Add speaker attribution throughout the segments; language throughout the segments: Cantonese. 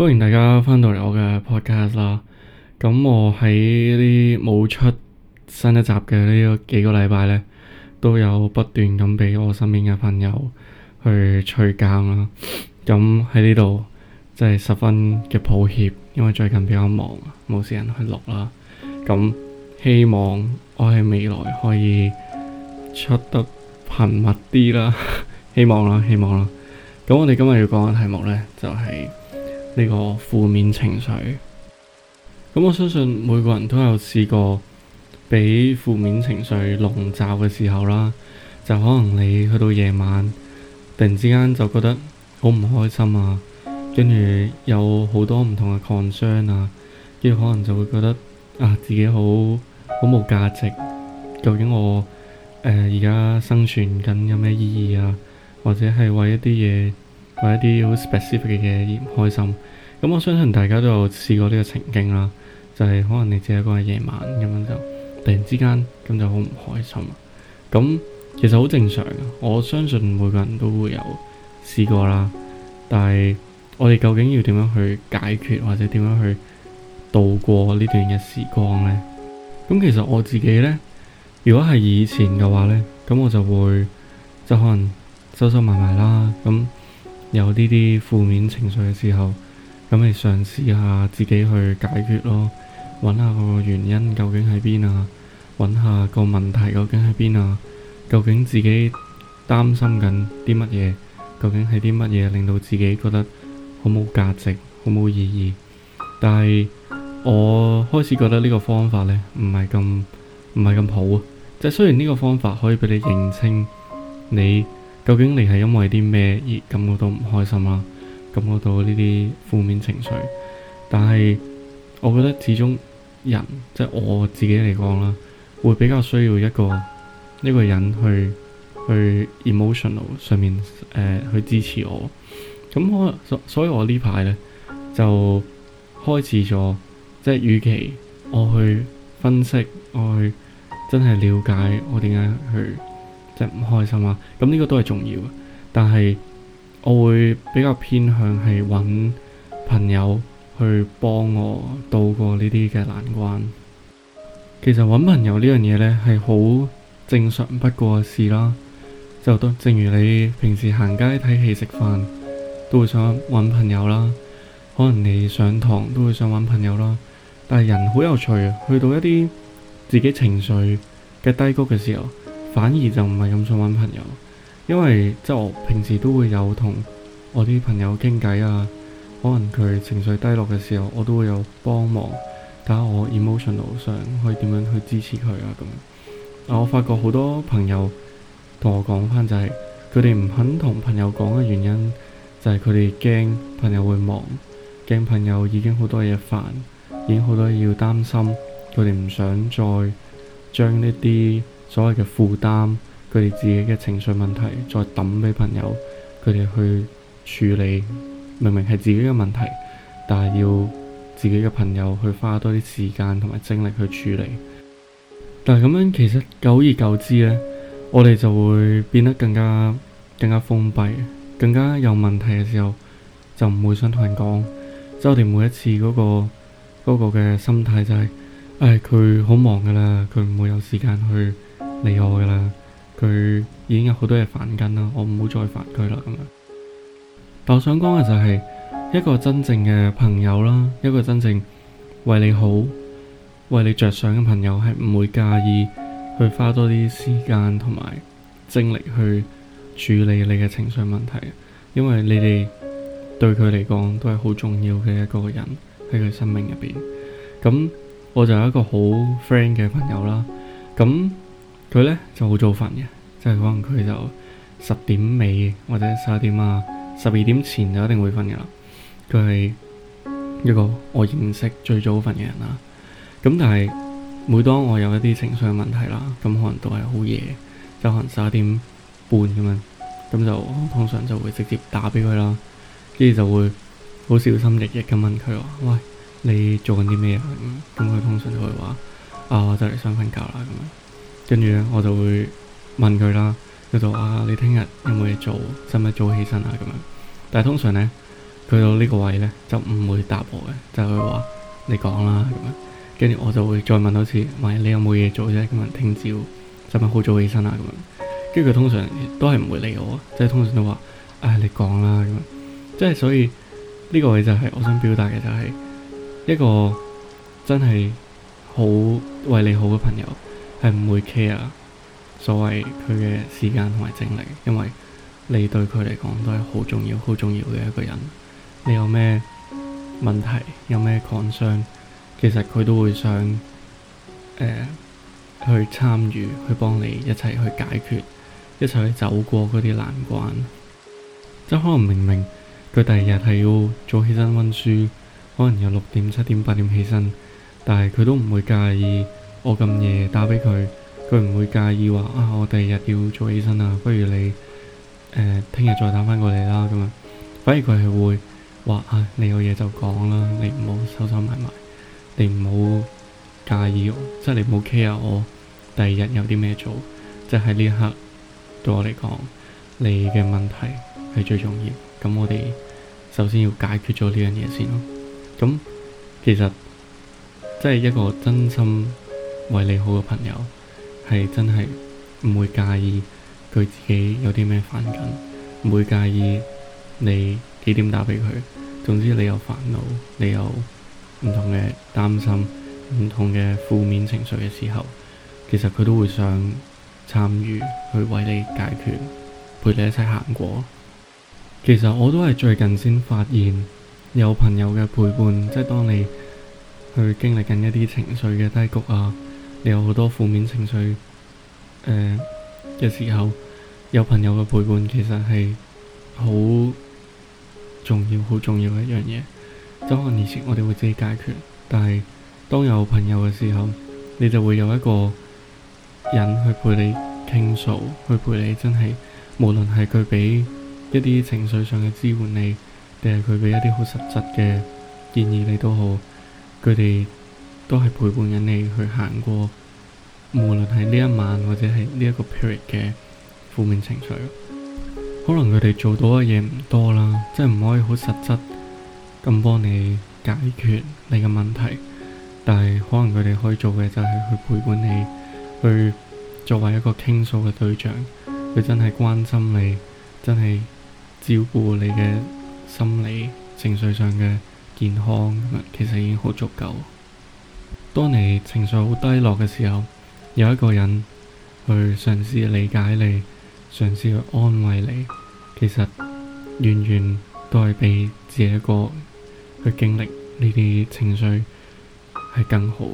Speaker 1: 歡迎大家翻到嚟我嘅 podcast 啦。咁我喺呢冇出新一集嘅呢個幾個禮拜呢，都有不斷咁俾我身邊嘅朋友去催更啦。咁喺呢度真係十分嘅抱歉，因為最近比較忙，冇時間去錄啦。咁希望我喺未來可以出得頻密啲啦， 希望啦，希望啦。咁我哋今日要講嘅題目呢，就係、是。呢個負面情緒，咁我相信每個人都有試過俾負面情緒籠罩嘅時候啦，就可能你去到夜晚，突然之間就覺得好唔開心啊，跟住有好多唔同嘅創傷啊，跟住可能就會覺得啊自己好好冇價值，究竟我呃、而家、生存緊有咩意義啊，或者係為一啲嘢？或者一啲好 specific 嘅嘢，唔開心咁。我相信大家都有試過呢個情景啦，就係、是、可能你自己一個係夜晚咁樣，就突然之間咁就好唔開心。咁其實好正常，我相信每個人都會有試過啦。但係我哋究竟要點樣去解決，或者點樣去度過呢段嘅時光呢？咁其實我自己呢，如果係以前嘅話呢，咁我就會就可能收收埋埋啦。咁有呢啲負面情緒嘅時候，咁你嘗試下自己去解決咯，揾下個原因究竟喺邊啊，揾下個問題究竟喺邊啊，究竟自己擔心緊啲乜嘢，究竟係啲乜嘢令到自己覺得好冇價值、好冇意義？但係我開始覺得呢個方法呢，唔係咁唔係咁好啊，即係雖然呢個方法可以俾你認清你。究竟你係因為啲咩而感覺到唔開心啦、啊？感覺到呢啲負面情緒，但係我覺得始終人即係、就是、我自己嚟講啦，會比較需要一個呢個人去去 emotional 上面誒、呃、去支持我。咁我所以，我呢排呢，就開始咗，即、就、係、是、與其我去分析，我去真係了解我點解去。即係唔開心啊，咁呢個都係重要，但係我會比較偏向係揾朋友去幫我渡過呢啲嘅難關。其實揾朋友呢樣嘢呢係好正常不過嘅事啦，就都正如你平時行街睇戲食飯，都會想揾朋友啦。可能你上堂都會想揾朋友啦，但係人好有趣啊，去到一啲自己情緒嘅低谷嘅時候。反而就唔係咁想揾朋友，因為即係我平時都會有同我啲朋友傾偈啊。可能佢情緒低落嘅時候，我都會有幫忙，睇下我 emotional 上可以點樣去支持佢啊咁、啊。我發覺好多朋友同我講翻就係佢哋唔肯同朋友講嘅原因，就係佢哋驚朋友會忙，驚朋友已經好多嘢煩，已經好多嘢要擔心，佢哋唔想再將呢啲。所謂嘅負擔，佢哋自己嘅情緒問題，再抌俾朋友，佢哋去處理，明明係自己嘅問題，但係要自己嘅朋友去花多啲時間同埋精力去處理。但係咁樣，其實久而久之呢，我哋就會變得更加更加封閉，更加有問題嘅時候就唔會想同人講。即係我哋每一次嗰個嗰個嘅心態就係，唉，佢好忙噶啦，佢唔會有時間去。離開噶啦，佢已經有好多嘢煩緊啦，我唔好再煩佢啦咁樣。但我想講嘅就係、是、一個真正嘅朋友啦，一個真正為你好、為你着想嘅朋友係唔會介意去花多啲時間同埋精力去處理你嘅情緒問題，因為你哋對佢嚟講都係好重要嘅一個人喺佢生命入邊。咁我就有一個好 friend 嘅朋友啦，咁。佢呢就好早瞓嘅，即係可能佢就十點尾或者十一點啊、十二點前就一定會瞓噶啦。佢係一個我認識最早瞓嘅人啦。咁但係每當我有一啲情緒嘅問題啦，咁可能都係好夜，就可能十一點半咁樣，咁就通常就會直接打俾佢啦，跟住就會好小心翼翼咁問佢話：喂，你做緊啲咩啊？咁佢通常就會話：啊，我就嚟想瞓覺啦。咁樣。跟住咧，我就會問佢啦，佢就話，啊，你聽日有冇嘢做？使唔使早起身啊？咁樣。但係通常呢，佢到呢個位呢，就唔會答我嘅，就係佢話你講啦咁樣。跟住我就會再問多次，喂，你有冇嘢做啫？咁樣，聽朝使唔使好早起身啊？咁樣。跟住佢通常都係唔會理我，即係通常都話，誒，你講啦咁樣。即係所以呢個位就係我想表達嘅就係一個真係好為你好嘅朋友。係唔會 care 所謂佢嘅時間同埋精力，因為你對佢嚟講都係好重要、好重要嘅一個人。你有咩問題，有咩創傷，其實佢都會想、呃、去參與，去幫你一齊去解決，一齊去走過嗰啲難關。即可能明明佢第二日係要早起身温書，可能要六點、七點、八點起身，但係佢都唔會介意。我咁夜打俾佢，佢唔會介意話啊，我第二日要做醫生啊，不如你誒聽日再打翻過嚟啦咁樣。反而佢係會話啊，你有嘢就講啦，你唔好收收埋埋，你唔好介意我，即係你唔好 care 我第二日有啲咩做。即係呢一刻對我嚟講，你嘅問題係最重要。咁我哋首先要解決咗呢樣嘢先咯。咁其實即係一個真心。為你好嘅朋友，係真係唔會介意佢自己有啲咩煩惱，唔會介意你幾點打俾佢。總之你有煩惱，你有唔同嘅擔心，唔同嘅負面情緒嘅時候，其實佢都會想參與去為你解決，陪你一齊行過。其實我都係最近先發現有朋友嘅陪伴，即係當你去經歷緊一啲情緒嘅低谷啊。你有好多負面情緒，嘅、呃、時候，有朋友嘅陪伴其實係好重要、好重要嘅一樣嘢。就可能以前我哋會自己解決，但係當有朋友嘅時候，你就會有一個人去陪你傾訴，去陪你。真係，無論係佢俾一啲情緒上嘅支援你，定係佢俾一啲好實質嘅建議你都好，佢哋，都係陪伴緊你去行過，無論係呢一晚或者係呢一個 period 嘅負面情緒。可能佢哋做到嘅嘢唔多啦，即係唔可以好實質咁幫你解決你嘅問題。但係可能佢哋可以做嘅就係去陪伴你，去作為一個傾訴嘅對象。佢真係關心你，真係照顧你嘅心理、情緒上嘅健康。其實已經好足夠。當你情緒好低落嘅時候，有一個人去嘗試理解你，嘗試去安慰你，其實遠遠都係比自己一個去經歷呢啲情緒係更好。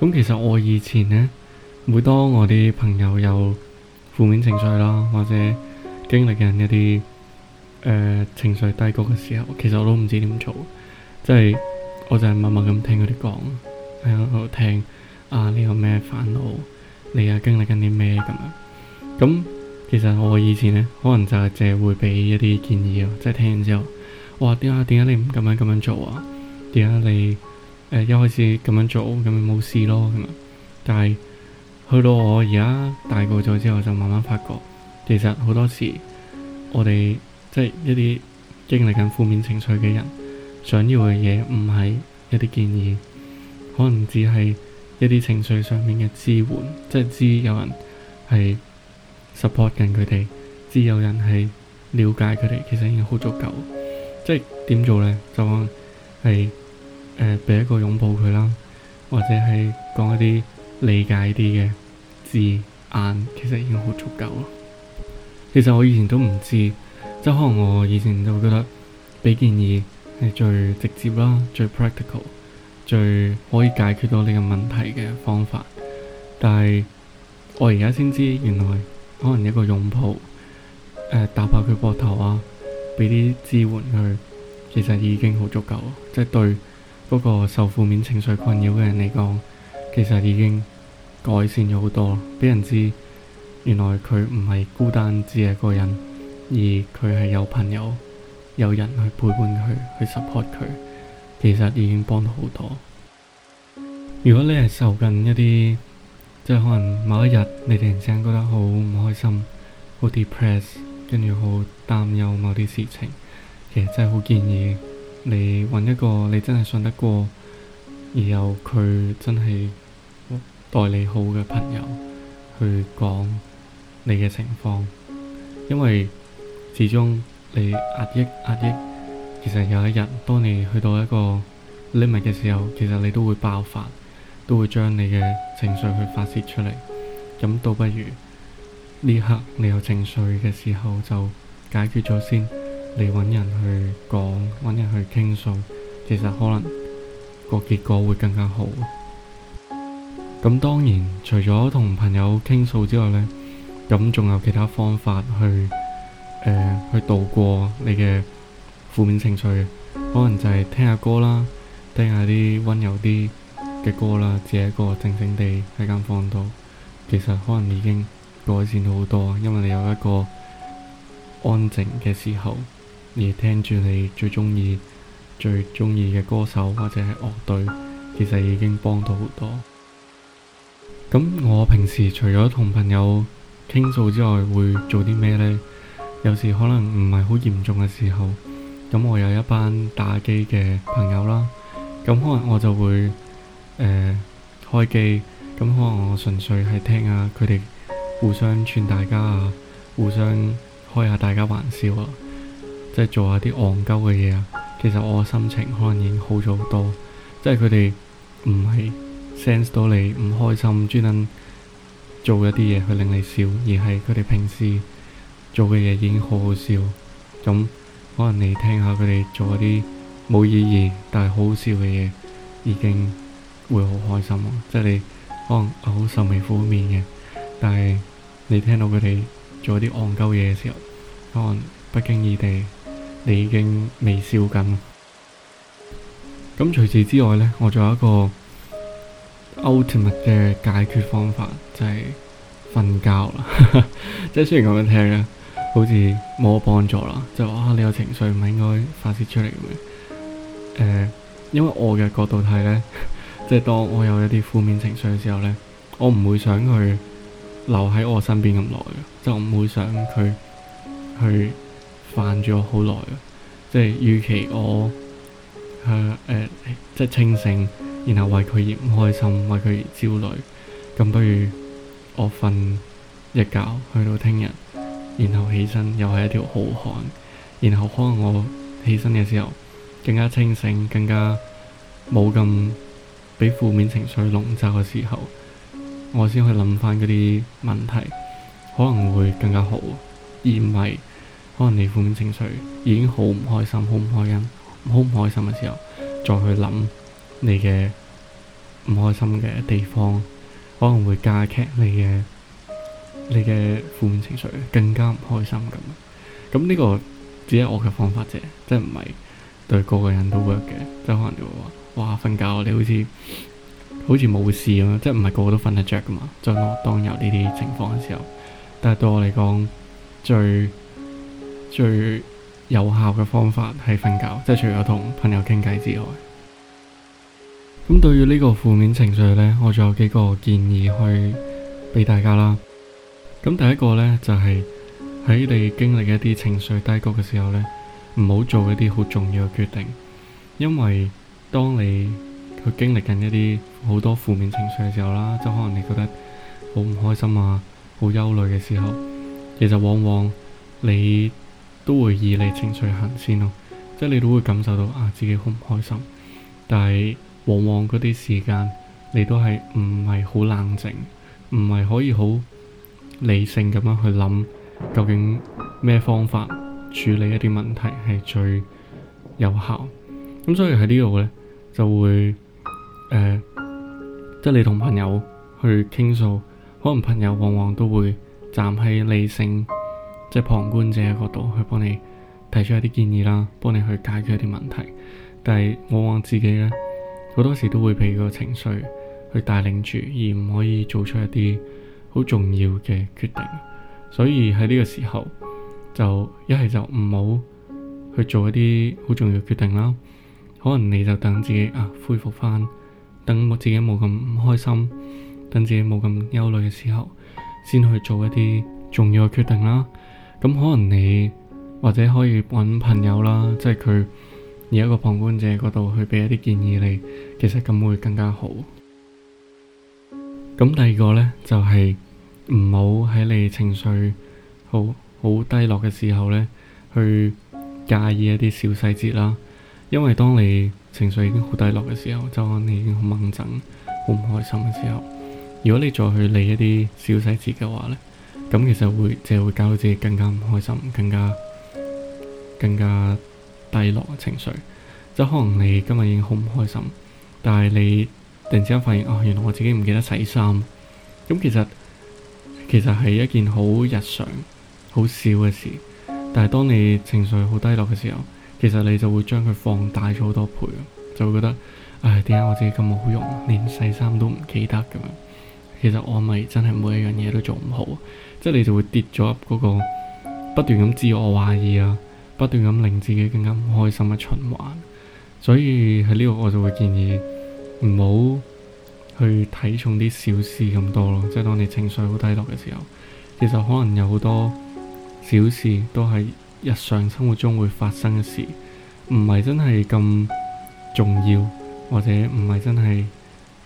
Speaker 1: 咁其實我以前呢，每當我啲朋友有負面情緒啦，或者經歷緊一啲、呃、情緒低谷嘅時候，其實我都唔知點做，即係。我就係默默咁聽佢哋講，喺度聽，啊呢個咩煩惱，你呀經歷緊啲咩咁樣？咁其實我以前呢，可能就係淨係會俾一啲建議咯，即係聽完之後，哇點解點解你唔咁樣咁樣做啊？點解你誒一開始咁樣做咁樣冇事咯咁樣？但係去到我而家大個咗之後，就慢慢發覺，其實好多時我哋即係一啲經歷緊負面情緒嘅人。想要嘅嘢唔係一啲建議，可能只係一啲情緒上面嘅支援，即係知有人係 support 緊佢哋，知有人係了解佢哋，其實已經好足夠。即係點做呢？就講係誒俾一個擁抱佢啦，或者係講一啲理解啲嘅字眼，其實已經好足夠。其實我以前都唔知，即係可能我以前就會覺得俾建議。最直接啦，最 practical，最可以解決到你嘅問題嘅方法。但係我而家先知，原來可能一個擁抱、呃，打爆佢膊頭啊，俾啲支援佢，其實已經好足夠。即係對嗰個受負面情緒困擾嘅人嚟講，其實已經改善咗好多。俾人知原來佢唔係孤單只係一個人，而佢係有朋友。有人去陪伴佢，去 support 佢，其實已經幫到好多。如果你係受緊一啲，即係可能某一日你突然之間覺得好唔開心，好 depress，跟住好擔憂某啲事情，其實真係好建議你搵一個你真係信得過，而又佢真係待你好嘅朋友去講你嘅情況，因為始終。你壓抑壓抑，其實有一日當你去到一個 limit 嘅時候，其實你都會爆發，都會將你嘅情緒去發泄出嚟。咁倒不如呢刻你有情緒嘅時候就解決咗先，你揾人去講，揾人去傾訴，其實可能個結果會更加好。咁當然除咗同朋友傾訴之外呢，咁仲有其他方法去。呃、去度過你嘅負面情緒，可能就係聽下歌啦，聽下啲溫柔啲嘅歌啦，自己一個靜靜地喺間房度，其實可能已經改善好多，因為你有一個安靜嘅時候，而聽住你最中意、最中意嘅歌手或者係樂隊，其實已經幫到好多。咁我平時除咗同朋友傾訴之外，會做啲咩呢？有時可能唔係好嚴重嘅時候，咁我有一班打機嘅朋友啦，咁可能我就會誒、呃、開機，咁可能我純粹係聽下佢哋互相串大家啊，互相開下大家玩笑啊，即係做下啲戇鳩嘅嘢啊。其實我心情可能已經好咗好多，即係佢哋唔係 sense 到你唔開心，專登做一啲嘢去令你笑，而係佢哋平時。做嘅嘢已經好好笑，咁可能你聽下佢哋做啲冇意義但係好笑嘅嘢，已經會好開心。即係你可能好愁眉苦面嘅，但係你聽到佢哋做啲戇鳩嘢嘅時候，可能不經意地你已經微笑緊。咁除此之外呢，我仲有一個 ultimate 嘅解決方法，就係瞓覺啦。 即係雖然咁樣聽咧。好似冇幫助啦，就係話啊，你有情緒唔係應該發泄出嚟嘅。誒、uh，因為我嘅角度睇呢， 即係當我有一啲負面情緒嘅時候呢，我唔會想佢留喺我身邊咁耐嘅，即係我唔會想佢去煩住我好耐嘅。即係、就是、與其我係、uh, uh, 即係清醒，然後為佢而唔開心，為佢而焦慮，咁不如我瞓一覺，去到聽日。然後起身又係一條好漢，然後可能我起身嘅時候更加清醒，更加冇咁俾負面情緒籠罩嘅時候，我先去諗翻嗰啲問題，可能會更加好，而唔係可能你負面情緒已經好唔開心，好唔開心，好唔開心嘅時候再去諗你嘅唔開心嘅地方，可能會加劇你嘅。你嘅負面情緒更加唔開心咁，咁呢個只係我嘅方法啫，即係唔係對個個人都 work 嘅，即係可能你會話：哇，瞓覺你好似好似冇事咁，即係唔係個個都瞓得着噶嘛？在我當有呢啲情況嘅時候，但係對我嚟講最最有效嘅方法係瞓覺，即係除咗同朋友傾偈之外，咁對於呢個負面情緒呢，我仲有幾個建議去俾大家啦。咁第一個呢，就係喺你經歷一啲情緒低谷嘅時候呢，唔好做一啲好重要嘅決定，因為當你佢經歷緊一啲好多負面情緒嘅時候啦，即可能你覺得好唔開心啊，好憂慮嘅時候，其實往往你都會以你情緒行先咯，即係你都會感受到啊自己好唔開心，但係往往嗰啲時間你都係唔係好冷靜，唔係可以好。理性咁樣去諗，究竟咩方法處理一啲問題係最有效？咁所以喺呢度呢，就會即係、呃就是、你同朋友去傾訴，可能朋友往往都會站喺理性即係、就是、旁觀者嘅角度去幫你提出一啲建議啦，幫你去解決一啲問題。但係往往自己呢，好多時都會畀個情緒去帶領住，而唔可以做出一啲。好重要嘅決定，所以喺呢個時候就一係就唔好去做一啲好重要嘅決定啦。可能你就等自己啊恢復返，等我自己冇咁唔開心，等自己冇咁憂慮嘅時候，先去做一啲重要嘅決定啦。咁可能你或者可以搵朋友啦，即係佢而一個旁觀者嗰度去俾一啲建議你，其實咁會更加好。咁第二個呢，就係唔好喺你情緒好好低落嘅時候呢，去介意一啲小細節啦。因為當你情緒已經好低落嘅時候，就當你已經好掹憎，好唔開心嘅時候，如果你再去理一啲小細節嘅話呢，咁其實會就會搞到自己更加唔開心，更加更加低落嘅情緒。即係可能你今日已經好唔開心，但係你。突然之間發現啊，原來我自己唔記得洗衫。咁、嗯、其實其實係一件好日常、好小嘅事。但係當你情緒好低落嘅時候，其實你就會將佢放大咗好多倍，就會覺得唉，點解我自己咁冇用，連洗衫都唔記得咁樣。其實我咪真係每一樣嘢都做唔好，即、就、係、是、你就會跌咗入嗰個不斷咁自我懷疑啊，不斷咁令自己更加唔開心嘅循環。所以喺呢個我就會建議，唔好去睇重啲小事咁多咯，即係當你情緒好低落嘅時候，其實可能有好多小事都係日常生活中會發生嘅事，唔係真係咁重要，或者唔係真係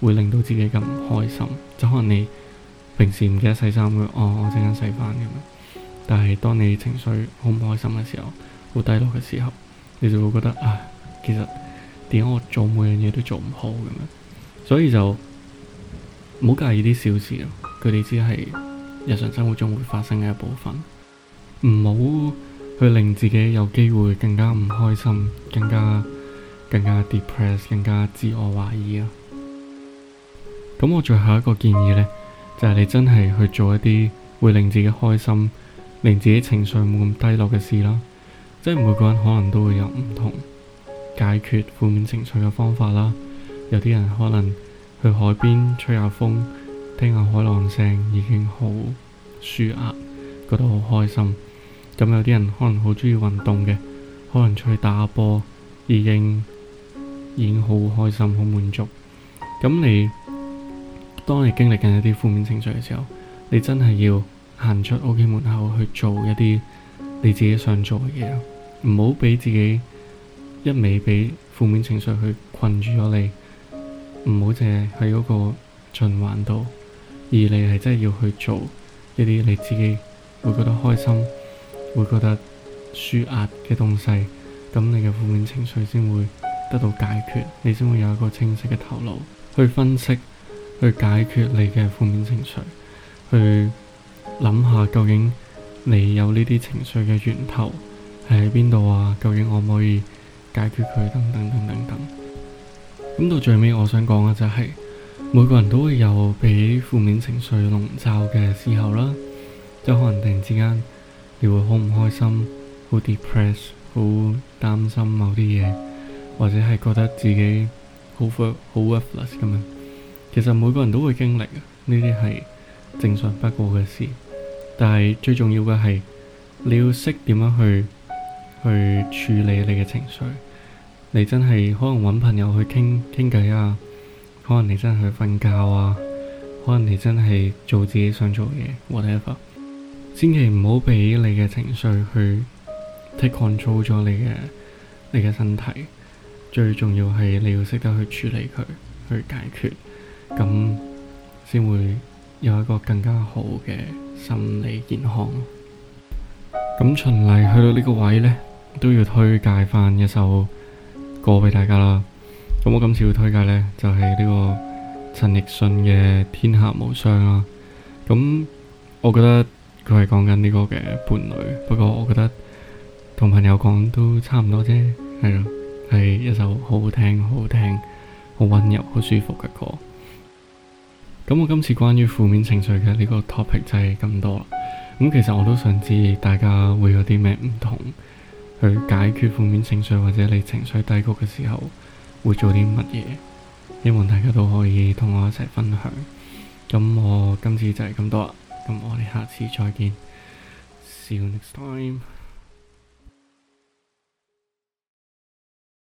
Speaker 1: 會令到自己咁開心。就可能你平時唔記得洗衫會哦，我陣間洗翻咁樣，但係當你情緒好唔開心嘅時候，好低落嘅時候，你就會覺得啊，其實。點解我做每樣嘢都做唔好咁樣？所以就唔好介意啲小事咯，佢哋只係日常生活中會發生嘅一部分。唔好去令自己有機會更加唔開心，更加更加 depressed，更加自我懷疑啊！咁我最後一個建議呢，就係你真係去做一啲會令自己開心、令自己情緒冇咁低落嘅事啦。即係每個人可能都會有唔同。解決負面情緒嘅方法啦，有啲人可能去海邊吹下風，聽下海浪聲已經好舒壓，覺得好開心。咁有啲人可能好中意運動嘅，可能出去打下波，已經已經好開心，好滿足。咁你當你經歷緊一啲負面情緒嘅時候，你真係要行出屋企門口去做一啲你自己想做嘅嘢，唔好俾自己。一味俾負面情緒去困住咗你，唔好淨係喺嗰個循環度，而你係真係要去做一啲你自己會覺得開心、會覺得舒壓嘅東西，咁你嘅負面情緒先會得到解決，你先會有一個清晰嘅頭腦去分析、去解決你嘅負面情緒，去諗下究竟你有呢啲情緒嘅源頭係喺邊度啊？究竟可唔可以解決佢等等等等等。咁到最尾，我想講嘅就係、是、每個人都會有被負面情緒籠罩嘅時候啦，就可能突然之間你會好唔開心、好 depressed 好擔心某啲嘢，或者係覺得自己好好 worthless 咁樣。其實每個人都會經歷呢啲係正常不過嘅事。但係最重要嘅係你要識點樣去，去處理你嘅情緒，你真係可能搵朋友去傾傾偈啊，可能你真係去瞓覺啊，可能你真係做自己想做嘅嘢，Whatever。千祈唔好俾你嘅情緒去 take control 咗你嘅你嘅身體。最重要係你要識得去處理佢，去解決，咁先會有一個更加好嘅心理健康。咁循例去到呢個位呢。都要推介返一首歌俾大家啦。咁我今次要推介呢，就係、是、呢個陳奕迅嘅《天下無雙》啦、啊。咁我覺得佢係講緊呢個嘅伴侶，不過我覺得同朋友講都差唔多啫。係咯、啊，係一首好好聽、好好聽、好溫柔、好舒服嘅歌。咁我今次關於負面情緒嘅呢個 topic 就係咁多啦。咁其實我都想知大家會有啲咩唔同，去解決負面情緒，或者你情緒低谷嘅時候，會做啲乜嘢？希望大家都可以同我一齊分享。咁我今次就係咁多啦。咁我哋下次再見，See you next time.